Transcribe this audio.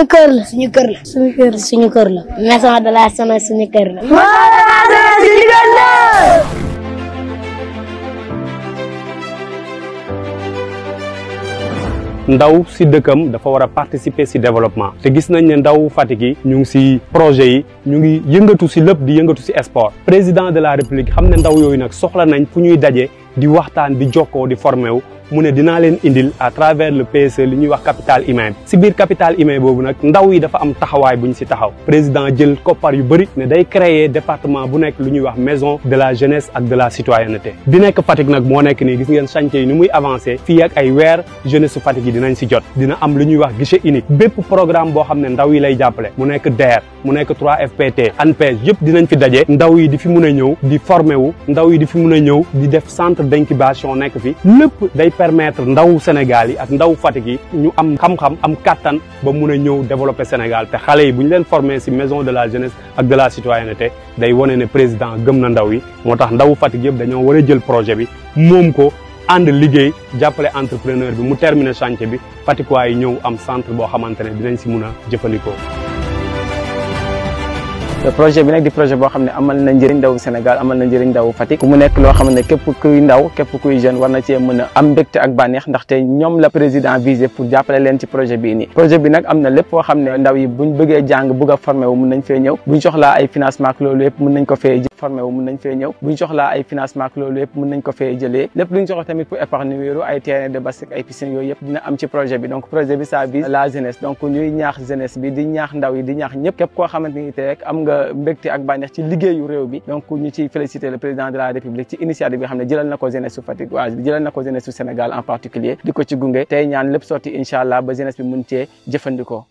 suñu kër kër la de la jeunesse suñu ndaw si dëkkam dafa war a participer si développement te gis nañ ne ndaw Fatick yi ñu ngi si projet yi ñu ngi yëngatu si lépp di yëngatu si sport président de la république xam ne ndaw yooyu nag soxla nañ fu ñuy daje di waxtaan di jokkoo di formé wu mu ne dinaa leen indil à travers le PSE li ñuy wax capital humain si biir capital humain boobu nag ndaw yi dafa am taxawaay bu ñu si taxaw président jël koppar yu bëri ne day créer département bu nekk lu ñuy wax maison de la jeunesse ak de la citoyenneté bi nekk Fatick nag moo nekk nii gis ngeen chantier yi ni muy avancer fii ak ay weer jeunesse su Fatick yi dinañ si jot dina am lu ñuy wax guichet unique bépp programme boo xam ne ndaw yi lay jàppale mu nekk DER mu nekk 3FPT ANPEJ yëpp dinañ fi daje ndaw yi di fi mun a ñëw di formé wu ndaw yi di fi mun a ñëw di def centre d'incubation nekk fi lépp day permettre ndaw Sénégal yi ak ndaw Fatick yi ñu am xam-xam am kattan ba mun a ñëw développer Sénégal te xale yi bu ñu leen former si maison de la jeunesse ak de la citoyenneté day wane ne président gëm na ndaw yi moo tax ndawu Fatick yëpp dañoo war a jël projet bi moom ko ànd liggéey jàppale entrepreneur bi mu terminer chantier bi Fatickois yi ñëw am centre boo xamante ne dinañ si mun a jëfandikoo. projet bi nag di projet boo xam ne amal na njëriñ ndaw Sénégal amal na njëriñ ndaw Fatick mu nekk loo xam ne képp kuy ndaw képp kuy jeune war na cee mën a am mbégte ak bànneex ndaxte ñoom la président visé pour jàppale leen ci projet bii nii projet bi nag am na lépp boo xam ne ndaw yi buñ bëggee jàng bëgg a formé wu mun nañ fee ñëw buñ soxlaa ay financement ak loolu yëpp mun nañ ko fee formé wu mun nañ fee ñëw buñ soxlaa ay financement ak loolu yëpp mun nañ ko fee jëlee lépp luñ soxla tamit pour épargne wéeru ay terrain de basket ay piscine yooyu yëpp dina am ci projet bi donc projet bi ça vise la jeunesse donc ñuy ñaax jeunesse bi di ñaax ndaw yi di ñaax ñëpp képp koo xamante ni te rek am nga nga mbégte ak bànneex ci liggéeyu rew bi donc ñu ciy féliciter le président de la république ci initiative bi nga xam ne jëlal na ko jeunesse su Fatick waaw jëlal na ko jeunesse su Sénégal en particulier di ko ci gunge tey ñaan lépp sotti incha allah ba jeunesse bi mun cee jëfandikoo